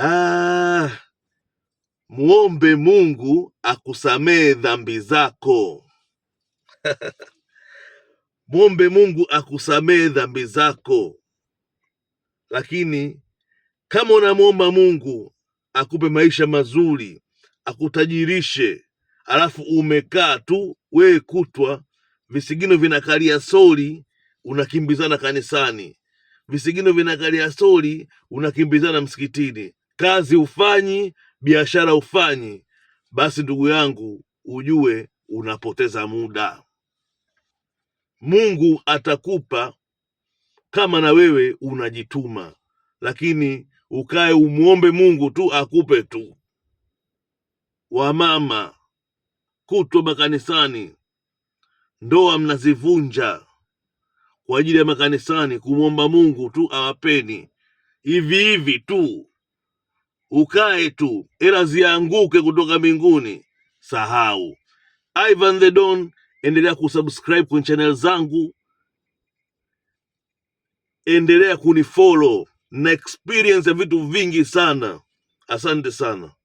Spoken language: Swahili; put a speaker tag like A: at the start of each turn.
A: Ah, muombe Mungu akusamehe dhambi zako. Muombe Mungu akusamehe dhambi zako, lakini kama unamwomba Mungu akupe maisha mazuri, akutajirishe, alafu umekaa tu wewe kutwa, visigino vinakalia soli, unakimbizana kanisani, visigino vinakalia soli, unakimbizana msikitini, kazi ufanyi, biashara ufanyi, basi ndugu yangu ujue unapoteza muda. Mungu atakupa kama na wewe unajituma, lakini ukae umwombe Mungu tu akupe tu. Wamama kutwa makanisani, ndoa mnazivunja kwa ajili ya makanisani kumwomba Mungu tu awapeni hivi hivi tu ukae tu, ela zianguke kutoka mbinguni. Sahau Ivan the Don, endelea kusubscribe kwenye channel zangu, endelea kunifollow na experience ya vitu vingi sana. Asante sana.